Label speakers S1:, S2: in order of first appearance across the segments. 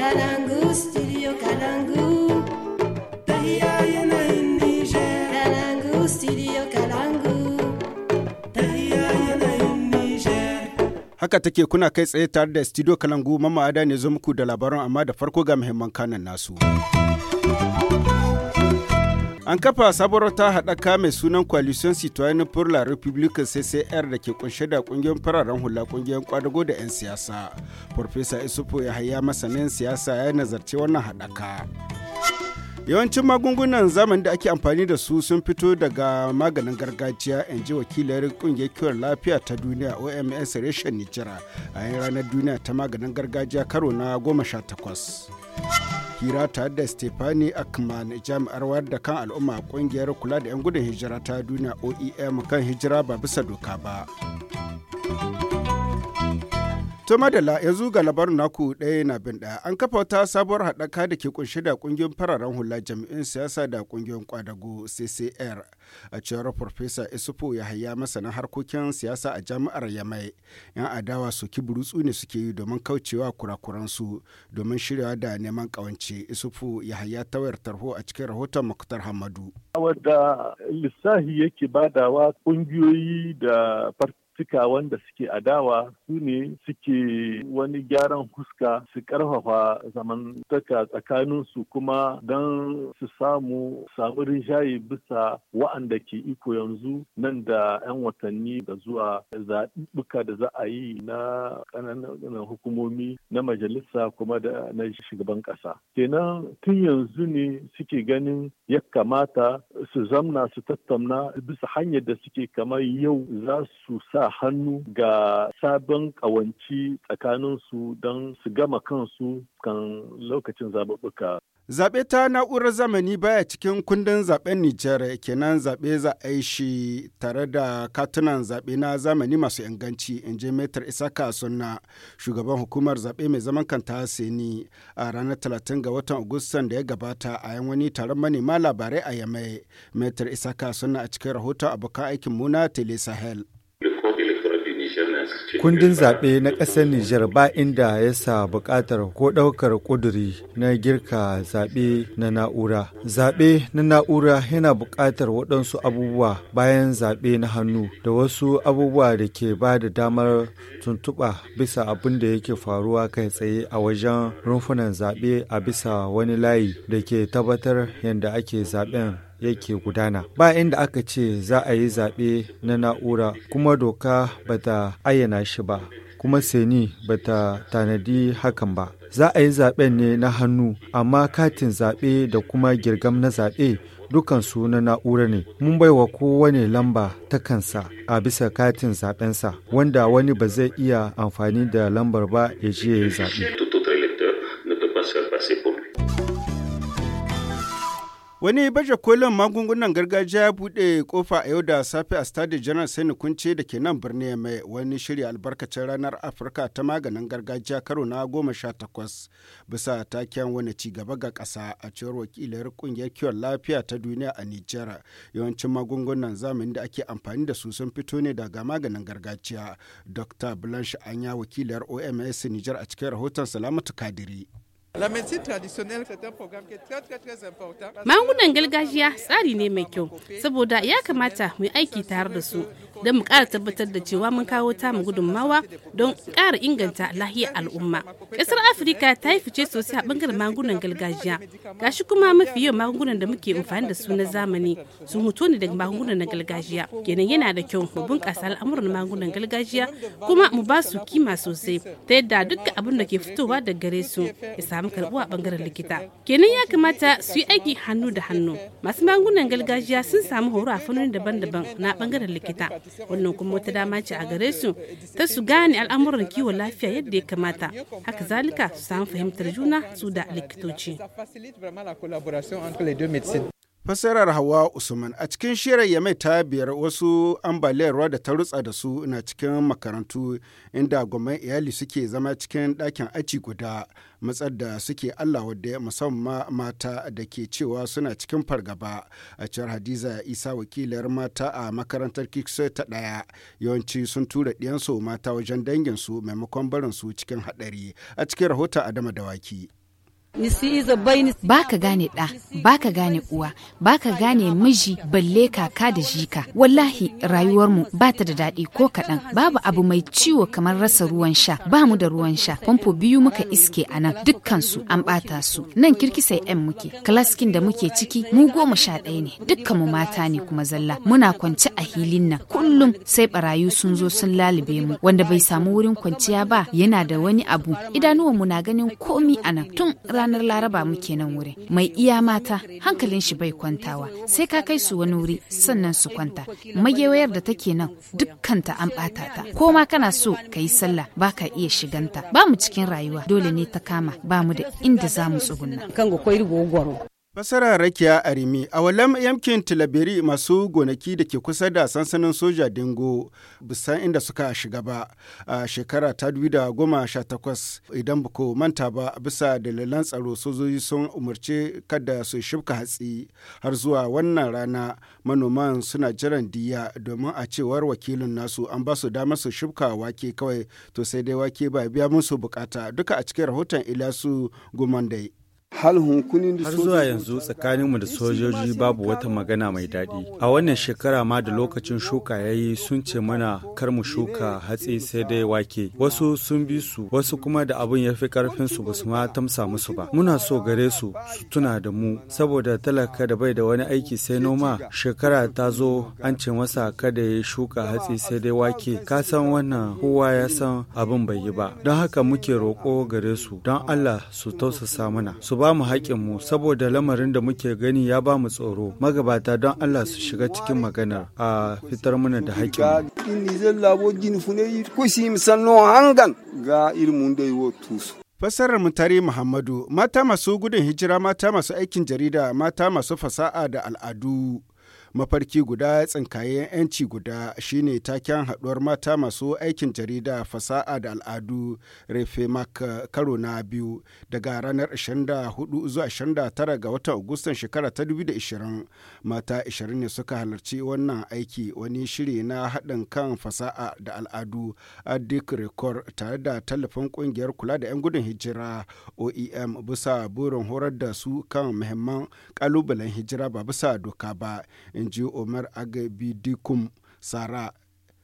S1: Kalangu, studio Kalangu. Tahiya yanayin Niger. Kalangu, studio Kalangu. Tahiya
S2: yanayin Niger. Haka take kuna kai tsaye tare da studio Kalangu mama'ada ne zo muku da labaran amma da farko ga muhimman kanan nasu. An kafa sabuwar ta haɗaka mai sunan Coalition Citoyen pour la République CCR da ke kunshe da ƙungiyar fararen hula ƙungiyar kwadago da 'yan siyasa. Farfesa Isufu ya haya masanin siyasa ya nazarci wannan haɗaka. Yawancin magungunan zamani da ake amfani da su sun fito daga maganin gargajiya in ji wakilar kungiyar kiwon lafiya ta duniya OMS reshen Nijira a ranar duniya ta maganin gargajiya karo na goma sha takwas. hira tare da stefani akman jami'ar wayar da kan al'umma kungiyar kula da 'yan gudun hijira ta duniya oem kan hijira ba bisa doka ba. To madalla yanzu ga labarin naku ɗaya na bin ɗaya an kafa wata sabuwar haɗaka da ke kunshe da ƙungiyoyin fararen hula jami'in siyasa da ƙungiyoyin kwadago CCR a cewar Farfesa Isufu Yahaya masana harkokin siyasa a jami'ar Yamai. Yan adawa su burutsu ne suke yi domin kaucewa kurakuransu domin shirya da neman ƙawance Isufu Yahaya ta wayar tarho a cikin rahoton Muktar Hamadu.
S3: Wadda lissahi yake badawa ƙungiyoyi da cika wanda suke adawa su ne suke wani gyaran huska su karfafa zamantaka su kuma don su samu samu rinjaye bisa wa'anda ke iko yanzu nan da 'yan watanni da zuwa zaɓuɓɓuka da za a yi na ƙananan hukumomi na majalisa kuma da na shugaban ƙasa. Kenan tun yanzu ne suke ganin ya kamata su zamna su tattauna bisa hanyar da suke kamar yau za su sa hannu ga sabon ƙawanci tsakaninsu don su gama kansu kan lokacin zaɓuɓɓuka. Zaɓe ta na'urar zamani
S2: baya cikin kundin zaɓen Nijar kenan zaɓe za a shi tare da katunan zaɓe na zamani masu inganci in je Metar Isaka Sunna shugaban hukumar zaɓe mai zaman kanta Seni a ranar 30 ga watan Agustan da ya gabata a yan wani taron manema labarai a Yamai. Metar Isaka Sunna a cikin rahoton abokan aikin muna Tele Sahel. Kundin
S3: zaɓe na ƙasar Nijar ba inda ya sa buƙatar ko ɗaukar ƙuduri na girka zaɓe na na'ura. Zaɓe na na'ura yana buƙatar waɗansu abubuwa bayan zaɓe na hannu da wasu abubuwa da ke ba da damar tuntuɓa bisa abin da yake faruwa kai tsaye a wajen rumfunan zaɓe a bisa wani layi da ke tabbatar yadda ake zaɓen yake gudana ba inda aka ce za a yi zaɓe na na'ura kuma doka ba ta ayyana shi ba kuma seni ba ta tanadi hakan ba za a yi zaɓen ne na hannu amma katin zaɓe da kuma girgam na zaɓe dukansu na na'ura ne mun baiwa kowane lamba ta kansa a bisa katin zaɓensa wanda wani ba zai iya amfani da lambar ba ya je ya yi zaɓe.
S2: Wani baje kolin magungunan gargajiya ya buɗe kofa a yau da safe a Stade General Sani Kunce da ke nan birni mai wani shirya albarkacin ranar Afirka ta maganin gargajiya karo na goma sha takwas bisa taken wani ci gaba ga ƙasa a cewar wakilar ƙungiyar kiwon lafiya ta duniya a Nijar. Yawancin magungunan zamani da ake amfani da su sun fito ne daga maganin gargajiya. Dr. Blanche Anya wakilar OMS Nijar a cikin rahoton Salamatu Kadiri. Magungunan
S4: gargajiya tsari ne mai kyau saboda ya kamata mu aiki tare da su don mu ƙara tabbatar da cewa mun kawo ta mu gudunmawa don ƙara inganta lahiyar al'umma. Ƙasar Afirka ta yi fice sosai a bangaren magungunan gargajiya. Gashi kuma mafi yawan magungunan da muke amfani da su na zamani sun hoto ne daga magungunan na gargajiya. Kenan yana da kyau mu bunƙasa al'amuran magungunan gargajiya kuma mu ba su kima sosai ta yadda dukkan abin da ke fitowa daga gare su ya samu karbu a bangaren likita kenan ya kamata su yi aiki hannu da hannu masu magungunan gargajiya sun samu horo a fannoni daban-daban na bangaren likita wannan kuma wata dama ce a gare su ta su gane al'amuran kiwon lafiya yadda ya kamata haka zalika su samu fahimtar juna su da likitoci
S2: Fassarar Hawa Usman a cikin ya Yamai ta biyar wasu ambaliyar ruwa da ta rutsa da su na cikin makarantu inda gwamnan iyali suke zama cikin ɗakin aji guda matsar da suke Allah wadda musamman mata da ke cewa suna cikin fargaba a cewar Hadiza Isa wakilar mata a makarantar Kikso ta ɗaya yawanci sun tura ɗiyansu mata wajen danginsu maimakon barinsu cikin haɗari a cikin rahoton Adama Dawaki.
S5: Ba ka gane ɗa, ba ka gane uwa, ba ka gane miji balle kaka da jika. Wallahi rayuwarmu ba ta da daɗi ko kaɗan. Babu abu mai ciwo kamar rasa ruwan sha, ba mu da ruwan sha. Famfo biyu muka iske a nan dukkansu an ɓata su. Nan kirkisai yan muke, kalaskin da muke ciki mu goma sha ɗaya ne. Dukkan mu mata ne kuma zalla. Muna kwance a hilin nan. Kullum sai barayu sun zo sun lalube mu. Wanda bai samu wurin kwanciya ba yana da wani abu. Idanuwanmu na ganin komi a nan tun ranar laraba muke nan wuri mai iya mata hankalin shi bai kwantawa sai ka kai su wani wuri sannan su kwanta magewayar da take nan dukkanta an bata ta ko ma kana so ka yi sallah ba ka iya shiganta ba mu cikin rayuwa dole ne ta kama ba mu da inda za mu tsugunna.
S2: Fasara Rakiya Arimi a walam yankin Tilaberi masu gonaki da ke kusa da sansanin soja Dingo bisan inda suka shiga ba a shekara ta da goma sha takwas idan buko manta ba bisa dalilan tsaro sojoji sun umarci kada su shibka hatsi har zuwa wannan rana manoman suna jiran diya domin a cewar wakilin nasu an ba su damar su shibka wake kawai to sai dai wake ba biya musu bukata duka a cikin rahoton Ilasu Gumandai. har zuwa
S3: yanzu tsakaninmu da sojoji babu wata magana mai daɗi a wannan shekara ma da lokacin shuka ya yi sun ce mana kar mu shuka hatsi sai dai wake wasu sun bi su wasu kuma da abin ya fi karfin su ba su ma tamsa musu ba muna so gare su su tuna da mu saboda talaka da bai da wani aiki sai noma shekara ta zo an ce masa kada ya shuka hatsi sai dai wake ka san wannan kowa ya san abin bai yi ba don haka muke roƙo gare su don allah su tausasa mana ba mu haƙƙinmu saboda lamarin da muke gani ya ba mu tsoro magabata don Allah su shiga cikin magana a fitar mana da haƙƙinmu.
S2: Fassarar Mutare Muhammadu, mata masu gudun hijira, mata masu aikin jarida, mata masu fasa'a da al'adu. mafarki guda tsinkayen yanci guda shine taken haduwar mata masu aikin jarida fasa'a da al'adu refemak karo na biyu daga ranar 24 zuwa 29 ga watan agustan shekara ta 2020 mata 20 ne suka halarci wannan aiki wani shiri na haɗin kan fasa'a da al'adu adik record tare da tallafin kungiyar kula da 'yan gudun hijira oem bisa burin horar da su kan muhimman kalubalen hijira ba bisa doka ba in ji omar agabidikum sara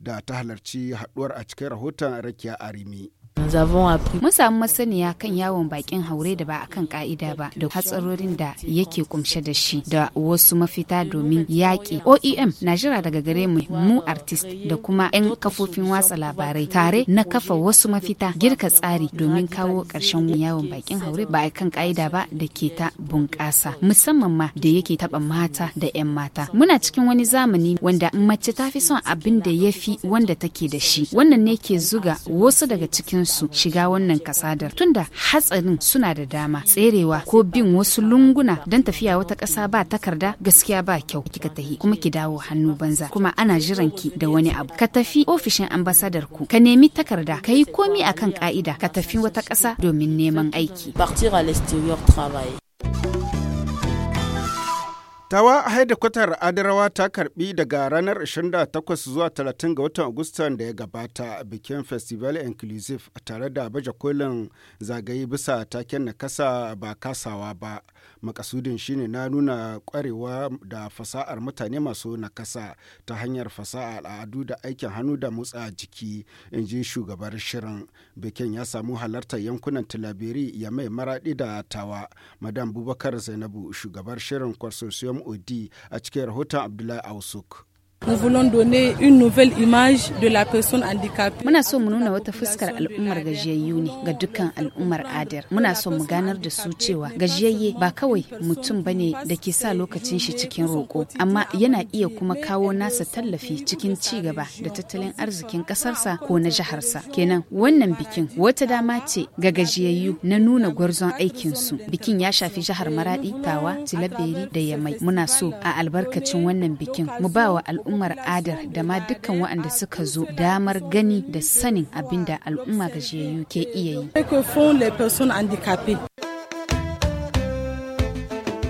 S2: da ta halarci haduwar a cikin rahoton rakiya arimi.
S5: Mun samu masaniya kan yawon bakin haure da ba a kan ka'ida ba da hatsarorin da yake kumshe da shi da wasu mafita domin yaƙi. OEM na jira daga gare mu mu artist da kuma 'yan kafofin watsa labarai tare na kafa wasu mafita girka tsari domin kawo ƙarshen yawon bakin haure ba a kan ka'ida ba da ke ta bunƙasa musamman ma da yake taɓa mata da 'yan mata. Muna cikin wani zamani wanda mace ta fi son abin da ya fi wanda take da shi. Wannan ne ke zuga wasu daga cikin su shiga wannan kasadar tunda hatsarin suna da dama tserewa ko bin wasu lunguna don tafiya wata ƙasa ba takarda gaskiya ba kyau kika tahi kuma ki dawo hannu banza kuma ana jiran ki da wani abu ka tafi ofishin ambasadar ku ka nemi takarda ka yi komi akan ka'ida ka tafi wata ƙasa domin neman aiki
S2: Tawa haidakwatar Adarawa ta karbi daga ranar 28 zuwa 30 ga watan Agustan da ya gabata bikin Festival Inclusive tare da baje kolin zagaye bisa taken na kasa ba kasawa ba. makasudin shine na nuna kwarewa da fasa'ar mutane masu nakasa ta hanyar fasa'a al'adu da aikin hannu da motsa jiki in ji shugabar shirin bikin ya samu halartar yankunan tilabiri ya mai maraɗi da tawa madam bubakar zainabu shugabar shirin kwarsosiyom od a cikin rahoton abdullahi ausuk
S4: Nous voulons donner une nouvelle image
S5: de la personne handicapée. Muna so mu nuna wata fuskar al'ummar gajiyayyu ne ga dukkan al'ummar adar. Muna so mu ganar da su cewa gajiyayye ba kawai mutum bane da ke sa lokacin shi cikin roƙo, amma yana iya kuma kawo nasa tallafi cikin ci gaba da tattalin arzikin ƙasarsa ko na jiharsa. Kenan wannan bikin wata dama ce ga gajiyayyu na nuna gwarzon aikin su. Bikin ya shafi jihar Maradi, Tawa, Tilaberi da Yamai. Muna so a albarkacin wannan bikin mu ba wa al'ummar. al'ummar adar da ma dukkan waɗanda suka zo damar gani da sanin abinda al'umma gajiyayyu ke iya yi.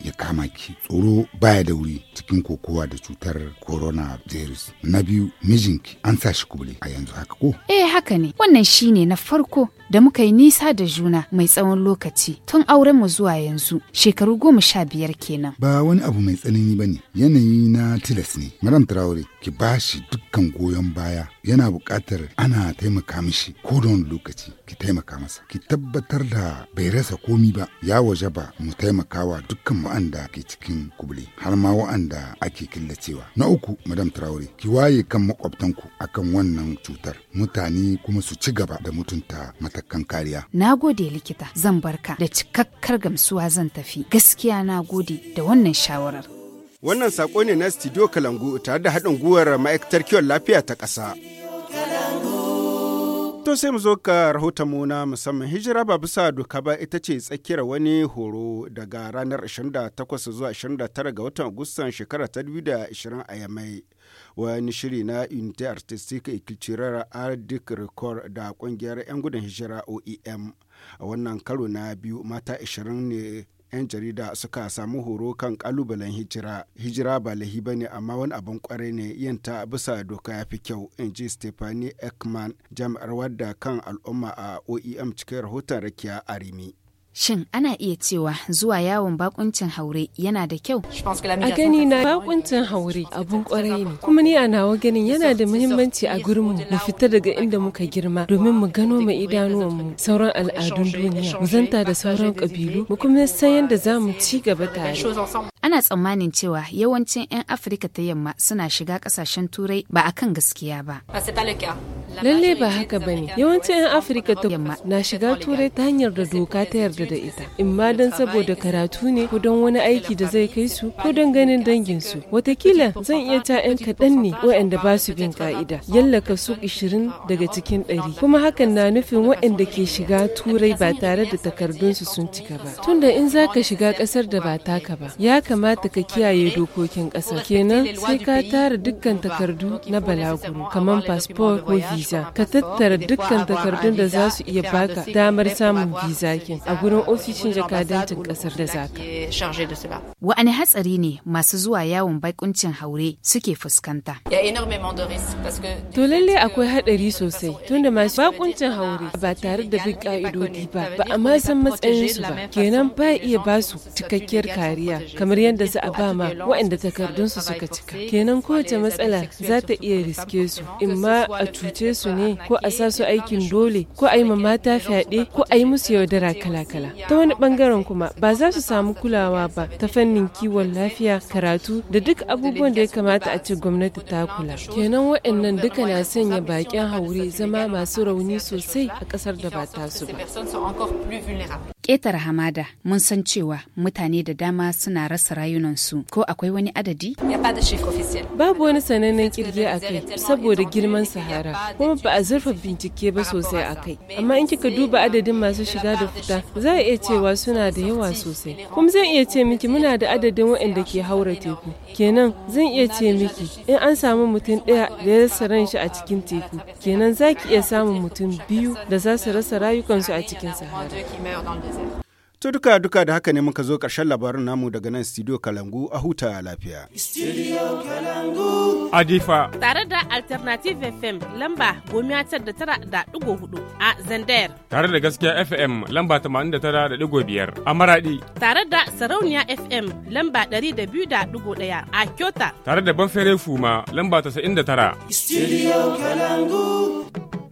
S6: ya kama ki tsoro baya da wuri cikin kokowa da cutar coronavirus na biyu mijinki an sa shi kubule a yanzu haka ko
S5: eh haka ne wannan shine na farko da muka yi nisa da juna mai tsawon lokaci tun auren mu zuwa yanzu shekaru goma sha biyar kenan
S6: ba wani abu mai tsanani bane yanayi na tilas ne madam traore ki shi dukkan goyon baya yana buƙatar ana taimaka mishi ko da wani lokaci ki taimaka masa ki tabbatar da bai rasa komi ba ya waje ba mu taimakawa dukkan wa'anda ke cikin kubule har ma wa'anda ake killacewa. Na uku Madam Traore ki waye kan makwabtanku akan wannan cutar mutane kuma su ci gaba da mutunta matakan kariya.
S5: Na gode likita zan barka da cikakkar gamsuwa zan tafi gaskiya na gode da wannan shawarar.
S2: Wannan saƙo ne na Studio Kalangu tare da haɗin gwiwar ma'aikatar kiwon lafiya ta ƙasa. To sai mu zo ka rahoton mu na musamman hijira ba bisa doka ba ita ce tsakiyar wani horo daga ranar 28 zuwa 29 ga watan Agustan shekara ta 2020 a Yamai. Wani shiri na Unity Artistic et Culturelle Ardic Record da kungiyar 'yan gudun hijira OEM. A wannan karo na biyu mata 20 ne 'yan jarida suka samu horo kan kalubalen hijira hijira ba lahi ba ne amma wani abin kwarai ne yin ta bisa doka ya fi kyau in ji stephanie ekman jami'ar wadda kan al'umma a oem cikin rahoton rakiya arimi
S5: Shin ana iya cewa zuwa yawon bakuncin haure yana da kyau? A gani
S1: na bakuncin haure abun kwarai ne, kuma ni a nawa ganin yana da muhimmanci a gurin mu mu fita daga inda muka girma domin mu gano mu idanuwanmu sauran al'adun duniya, mu zanta da sauran kabilu, mu kuma san yadda za mu ci gaba tare. Ana tsammanin
S5: cewa yawancin 'yan Afirka ta yamma suna shiga kasashen turai ba akan gaskiya ba.
S1: Lalle ba haka ba ne. Yawancin 'yan Afirka ta yamma na shiga turai ta hanyar da doka ta yarda da ita. In ma don saboda karatu ne ko don wani aiki da zai kai su ko don ganin danginsu. Watakila zan iya ta 'yan kaɗan ne waɗanda ba su bin ka'ida. Yallaka su 20 daga cikin ɗari. Kuma hakan na nufin waɗanda ke shiga turai ba tare da takardunsu sun cika ba. Tunda in za ka shiga ƙasar da ba taka ba, ya kamata ka kiyaye dokokin ƙasa Kenan sai ka tara dukkan takardu na balaguro kamar fasfo ko visa. visa ka tattara dukkan takardun da za su iya baka damar samun visa kin e a gurin ofishin jakadancin kasar da zaka wa'ani hatsari ne
S5: masu zuwa yawon baikuncin haure suke fuskanta to
S1: lalle akwai euh, hadari sosai tunda masu baikuncin haure ba tare da bin ka'idodi ba ba a ma san matsayin su ba kenan ba iya ba su cikakkiyar kariya kamar yadda za a ba ma waɗanda takardun su suka cika kenan kowace matsala za ta iya riske su in ma a cuce su ne ko a sa su aikin dole ko a yi ma mata fyaɗe ko a yi musu yaudara kala-kala ta wani bangaren kuma ba za su samu kulawa ba ta fannin kiwon lafiya karatu da duk abubuwan da ya kamata a ce gwamnati ta kula kenan waɗannan duka na sanya baƙin haure zama masu rauni sosai a ƙasar da ba ta su ba ƙetare
S5: hamada mun san cewa mutane da dama suna rasa rayunansu ko akwai
S1: wani adadi? Babu wani sanannen kirge a kai saboda girman sahara kuma ba a zurfa bincike ba sosai a kai. Amma in kika duba adadin masu shiga da fita za a iya cewa suna da yawa sosai. Kuma zan iya ce miki muna da adadin waɗanda ke haura teku. Kenan zan iya ce miki in an samu mutum ɗaya da ya rasa ran shi a cikin teku. Kenan za ki iya samun mutum biyu da za su rasa rayukansu a cikin sahara.
S2: To duka duka da haka ne muka zo ƙarshen labarin namu daga nan studio Kalangu a huta lafiya.
S4: Studio Kalangu. Adifa. Tare da Alternative FM lamba gomiya da tara da ɗigo hudu a zander.
S2: Tare da gaskiya FM lamba tamanin da tara da ɗigo biyar a Maradi.
S4: Tare da Sarauniya FM lamba ɗari da biyu da ɗigo ɗaya a Kyota.
S2: Tare da Banfere Fuma lamba tasa'in da tara.
S4: Studio
S2: Kalangu.